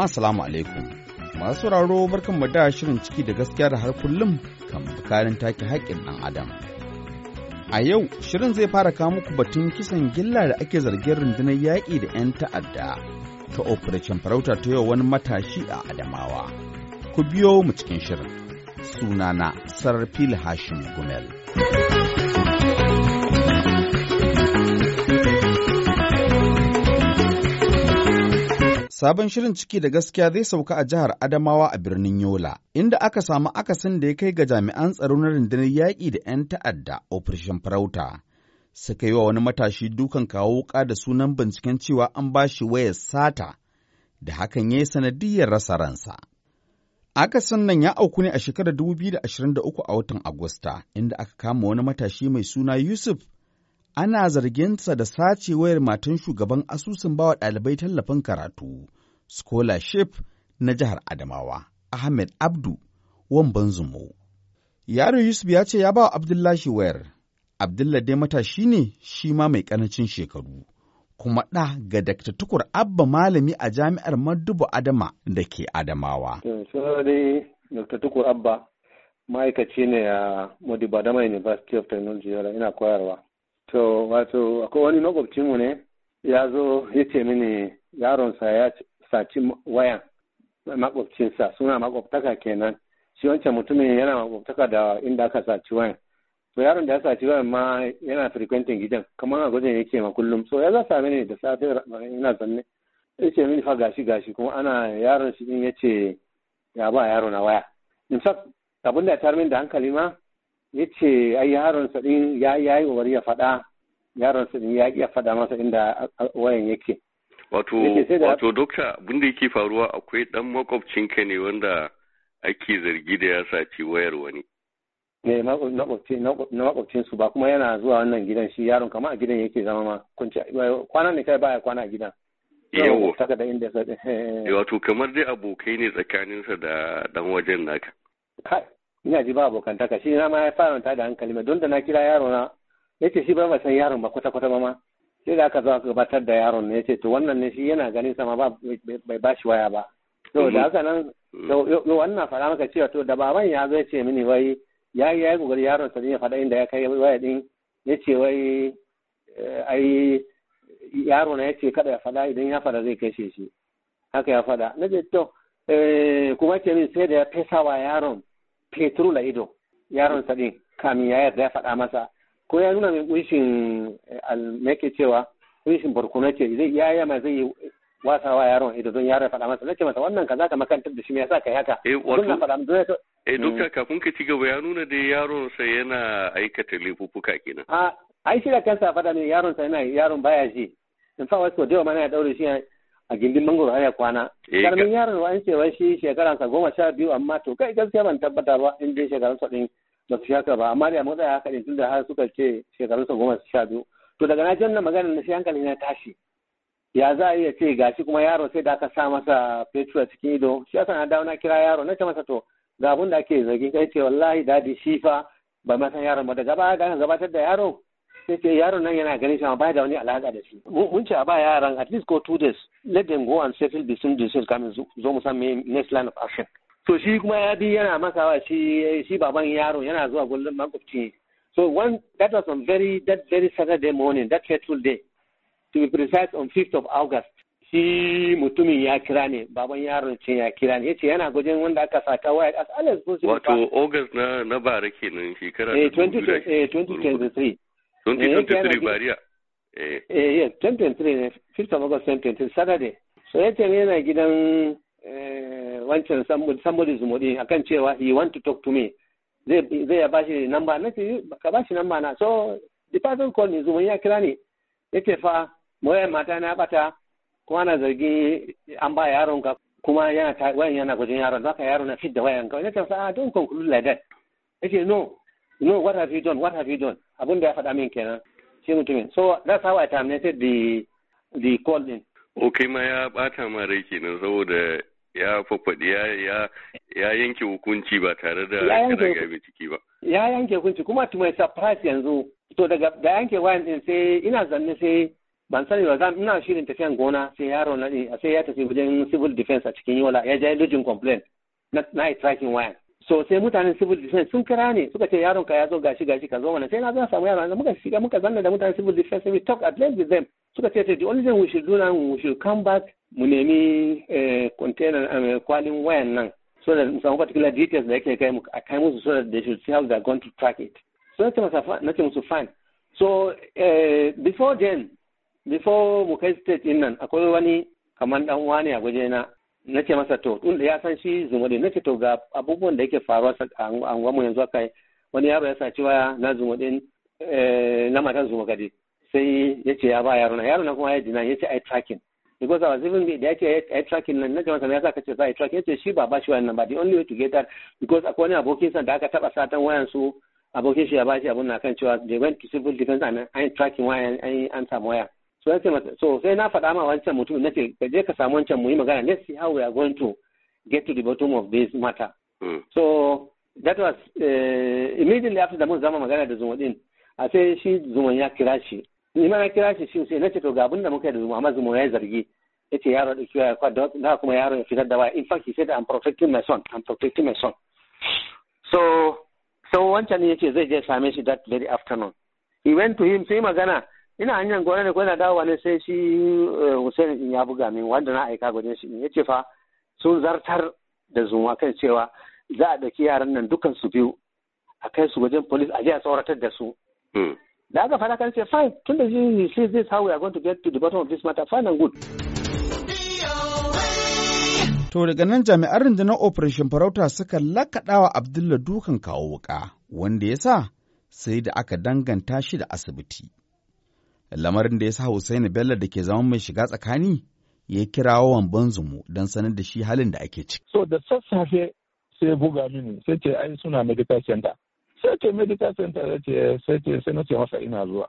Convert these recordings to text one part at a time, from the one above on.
jama'a salamu alaikum. Masu sauraro barkan mu da shirin ciki da gaskiya da har kullum kan bukarin take haƙƙin ɗan adam. A yau shirin zai fara kawo muku batun kisan gilla da ake zargin rundunar yaƙi da 'yan ta'adda ta operation farauta ta yau wani matashi a Adamawa. Ku biyo mu cikin shirin. Sunana Sarfil Hashim Gumel. Sabon shirin ciki da gaskiya zai sauka a jihar Adamawa a birnin Yola, inda aka samu akasin da ya kai ga jami'an tsaro na rundunar yaƙi da 'yan ta'adda Operation Farauta. Suka yi wa wani matashi dukan kawo wuka da sunan binciken cewa an ba shi wayar sata, da hakan ya yi sanadiyar rasa ransa. Akasin nan ya auku ne a shekarar 2023 a watan Agusta, inda aka kama wani matashi mai suna Yusuf ana zarginsa da sace wayar matan shugaban asusun bawa ɗalibai tallafin karatu scholarship na jihar Adamawa, Ahmed Abdu wan Zumo. Yaron Yusuf ya ce ya ba Abdullahi wayar, Abdullahi dai matashi ne shi ma mai ƙarancin shekaru, kuma ɗa ga Dr. Tukur Abba malami a jami'ar Madubu Adama da ke Adamawa. Dr. Tukur Abba ma'aikaci ne a Modibo Adama University of Technology ina koyarwa. To, wato, akwai wani makwabcinmu ne ya zo ya ce mini yaronsa saci waya makwabcinsa suna makwabtaka kenan shi wancan mutumin yana makwabtaka da inda aka saci wayan to yaron da ya saci wayan ma yana frequentin gidan kamar a gwajin yake ma kullum so ya za same ne da safe ina zanne ya ce mini fa gashi gashi kuma ana yaron shi din ya ce ya ba yaro na waya in fact abin da ya tarmin da hankali ma ya ce ai yaron sa din ya yi wari ya faɗa yaron sa din ya iya faɗa masa inda wayan yake wato wato dokta abinda yake faruwa akwai dan ka ne wanda ake zargi da ya saci wayar wani ne na makwabcin su ba kuma yana zuwa wannan gidan shi yaron kama a gidan yake zama ma kwana ne kai baya kwana a gidan yawo eh, wato kamar dai abokai ne tsakaninsa da dan wajen naka ina ji ba abokantaka shi na ma ya faranta da hankali don da na kira yaro na yace shi ba ba san yaron ba kwata kwata ba ma sai da aka zo aka gabatar da yaron ne ce, to wannan ne shi yana ganin sama ba bai bashi waya ba to da mm-hmm. haka nan to wannan fara maka cewa to da baban ya zo ce mini wai ya yi ya yi yaron sa ya faɗa inda ya kai waya din ce wai eh, ai yaro na ya ce kada ya faɗa idan ya faɗa zai kashe shi haka ya faɗa na ce to eh, kuma ce min sai da ya fesa wa yaron petrol a ido yaron sa din kamin ya yarda ya faɗa masa ko ya nuna min kunshin eh, almeke cewa kunshin barkuna ce zai iya ma zai yi wasawa yaron ido don yaron faɗa masa nace masa wannan kaza ka makantar da shi me yasa kai haka eh wato eh dokta hmm. kafin ka ci gaba ya nuna dai yaron sa yana aikata laifuka kenan a ai shi da kansa faɗa min yaron sa yana yaron baya ji in fa wasu da mana ya daure shi a gindin mangoro har ya kwana karamin eh, yaron wa an ce wai shi shekaransa sa goma sha biyu amma to kai gaskiya ban tabbata ba in dai shekaransa din ba su shaka ba amma da matsaya haka ne tunda har suka ce shekarunsa goma su sha biyu to daga na jan magana na shi hankali na tashi ya za a iya ce gashi kuma yaro sai da aka sa masa fetur a cikin ido shi yasa na dawo na kira yaro na ce masa to ga abin da ake zargi kai ce wallahi dadi shi fa ba ma san yaron ba da gaba da gabatar da yaro sai ce yaron nan yana ganin shi amma ba da wani alaka da shi mun ce a ba yaran at least go two days let them go and settle between themselves kamin zo mu san next line of action to shi kuma ya bi yana makawa shi shi baban yaron yana zuwa gullun makwabci so one that was on very that very saturday morning that fateful day to be precise on 5th of august shi mutumin ya kira ne baban yaron cin ya kira ne yace yana gujin wanda aka saka waya as all as possible wato august na na bara kenan shekara eh 2023 2023 eh, eh, bariya eh eh yes 2023 5th of august 2023 saturday so yace yana gidan wancan somebody zumuɗi akan cewa he want to talk to me zai ya bashi namba na ce ka bashi namba na so the person called me zumun ya kira ni yace fa moyar mata na bata kuma na zargi an ba yaron ka kuma yana wayan yana gwajin yaron zaka yaron na fit da wayan ka yace fa ah, don conclude like that yace no no what have you done what have you done abin da ya faɗa min kenan shi mutumin so that's how I terminated the the call din. Okay ma ya bata ma rai kenan saboda ya fafaɗi ya yanke hukunci ba tare da kana ga ciki ba ya yanke hukunci kuma to mai surprise yanzu to daga da yanke wayan din sai ina zanne sai ban sani ba zan ina shirin tafiyan gona sai yaro na ne sai ya tafi wajen civil defense a cikin yola ya je lodging complaint na na tracking wayan so sai mutanen civil defense sun kira ne suka ce yaron ka ya zo gashi gashi ka zo mana sai na zo samu yaron muka shiga muka zanna da mutanen civil defense we talk at length with them suka ce the only thing we should do now we should come back mu nemi eh, container eh, kwalin wayan nan so da mu samu particular details da yake kai a kai musu so that they should see how they are going to track it so na ce musu fine so eh, before then before mu kai state din nan akwai wani kamar dan wani a gwaje na na ce masa to tun da ya san shi zumuɗe na ce to ga abubuwan da yake faruwa a mu yanzu kai wani yaro ya saci waya na zumuɗe na matan zumuɗe sai ya ce ya ba yaro na yaro na kuma ya dina ya ce ai tracking because I was even da yake air tracking nan na jama'a ya saka ce za a yi yace shi ba ba shi wannan ba the only way to get that because akwai wani abokin sa da aka taba satan wayan su abokin shi ya bashi abun na kan cewa they went to civil defense and an tracking wayan an samu waya so yace so sai na faɗa ma wancan mutum nace ka je ka samu wancan mu yi magana let's see how we are going to get to the bottom of this matter hmm. so that was uh, immediately after da mun zama magana da zuwa din a sai shi zuwan ya kira shi ni ma na kira shi shi sai na ce to ga abin da muka yi da amma zuma ya zargi Ya ce yaro da kiwa kwa da kuma yaro ya fitar da waya in fact he said I'm protecting my son I'm protecting my son so so wancan ne yace zai je same shi that very afternoon he went to him sai magana ina hanyar gona ne ko ina dawowa ne sai shi eh, Hussein ya buga min wanda na aika gudun shi Ya ce fa sun zartar da zuma kan cewa za a ɗauki yaran nan dukan su biyu a kai su wajen polis a je a tsoratar da su hmm. da aka fara kan ce fine tun da shi zai how we are going to get to the bottom of this matter fine and good To daga nan jami'an rundunar Operation Farauta suka wa Abdullah dukan kawo wuka, wanda ya sa sai da aka danganta shi da asibiti. Lamarin da ya sa Hussaini Bello da ke zama mai shiga tsakani ya kirawo wamban zumu don sanar da shi halin da ake ciki. So da sassafe sai buga mini sai ce ai suna medical center. sai ce medical center ya ce sai ce sai na ce masa ina zuwa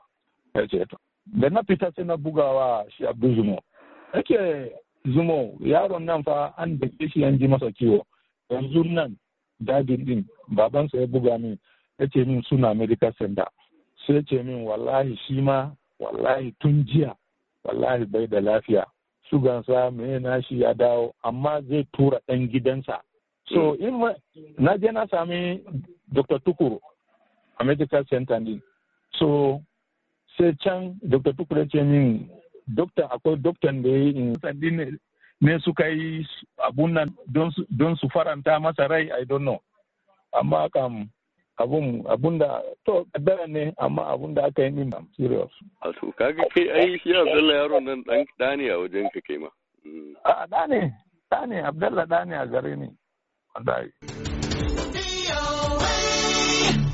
ya ce to da na fita sai na bugawa shi abu zumo ya zumo yaron nan fa an da shi an ji masa kiwo yanzu nan dadin din babansa ya buga min ya ce min suna medical center sai ce min wallahi shi ma wallahi tun jiya wallahi bai da lafiya sugansa mai nashi ya dawo amma zai tura ɗan gidansa so in na je na sami dr tukuru a medical center ne. so sai can dr tukuru ya ce min dokta akwai doktan da ya yi ne suka yi abun nan don su faranta masa rai i don't know amma kam abun abun da to kaddara ne amma abun da aka yi min am serious a to kaga kai ai shi Abdullahi yaro nan dan dani a wajen ka kai ma mm. a dani dani Abdullahi dani a gare ni wallahi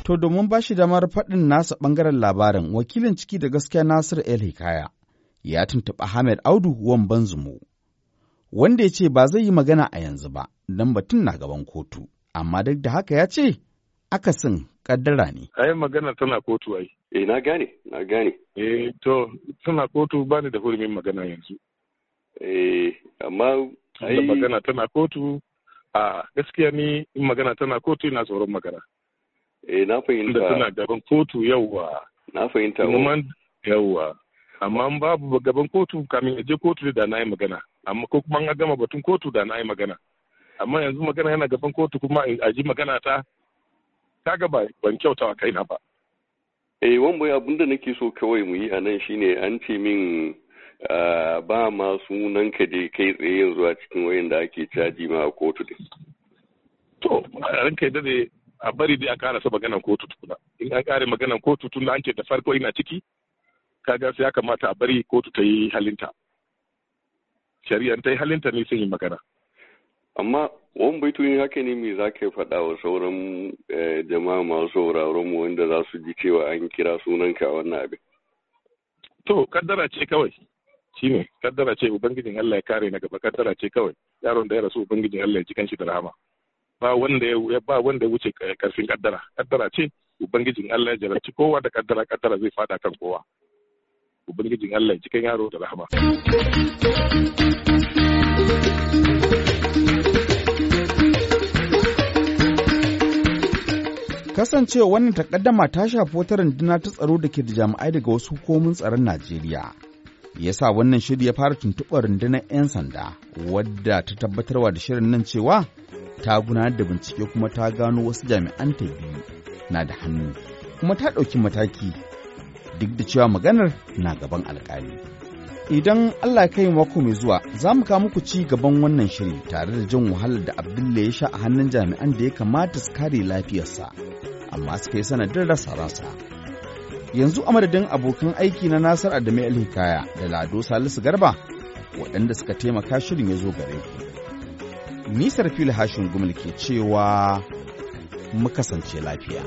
To domin ba shi damar faɗin nasa ɓangaren labarin wakilin ciki da gaskiya Nasir El Hikaya ya tuntuɓi Ahmed Audu wan Zumo, wanda ya ce ba zai yi magana a yanzu ba don batun na gaban kotu, amma duk da haka ya ce akasin kaddara ne. Ai magana tana kotu ai. Eh na gane, na gane. Eh to tana kotu ba ni da hurumin magana yanzu. Eh amma ai magana tana kotu a gaskiya ni in magana tana kotu ina tsoron magana. eh na fahimta Tunda suna gaban kotu yawwa na fahimta kuma oh. yawwa amma an babu gaban kotu kamin ya je kotu da na yi magana amma ko kuma an gama batun kotu da na yi magana amma yanzu magana yana gaban kotu kuma a ji magana ta Ka gaba ban kyauta wa kaina ba eh wan abinda abin nake so kawai mu yi a nan shine an ce min ba ma sunan ka dai kai tsaye yanzu a cikin wayan da ake caji ma a kotu din to ranka yadda ne a bari dai a karasa maganan kotu tukuna in an kare maganan kotu tun da an ce da farko ina ciki kaga sai ya kamata a bari kotu ta yi halinta shari'a ta yi halinta ne sun yi magana amma wani ne haka ne me za yi faɗa wa sauran eh, jama'a masu sauraron mu wanda za su ji cewa an kira sunanka ka wannan abin to kaddara ce kawai shine kaddara ce ubangijin Allah ya kare na gaba kaddara ce kawai yaron da ya rasu ubangijin Allah ya ji kanshi da rahama ba wanda ya ba wanda ya wuce karfin kaddara kaddara ce ubangijin Allah ya jarabci kowa da kaddara kaddara zai fada kan kowa ubangijin Allah ya cikin yaro da rahama kasancewa wannan takaddama ta shafi wata runduna ta tsaro da ke da jami'ai daga wasu hukumomin tsaron Najeriya. Ya sa wannan shiri ya fara tuntuɓar rundunar 'yan sanda wadda ta tabbatarwa da shirin nan cewa ta gudanar da bincike kuma ta gano wasu jami'an ta biyu na da hannu kuma ta ɗauki mataki duk da cewa maganar na gaban alkali. Idan Allah ya kai mako mai zuwa za mu kawo muku ci gaban wannan shiri tare da jin wahalar da Abdulla ya sha a hannun jami'an da ya kamata su kare lafiyarsa amma suka yi sanadin rasa rasa. Yanzu a madadin abokan aiki na Nasar Adamu Hikaya da Lado Salisu Garba waɗanda suka taimaka shirin ya zo gare ku. Nisar fili hashin gumal ke cewa mu kasance lafiya.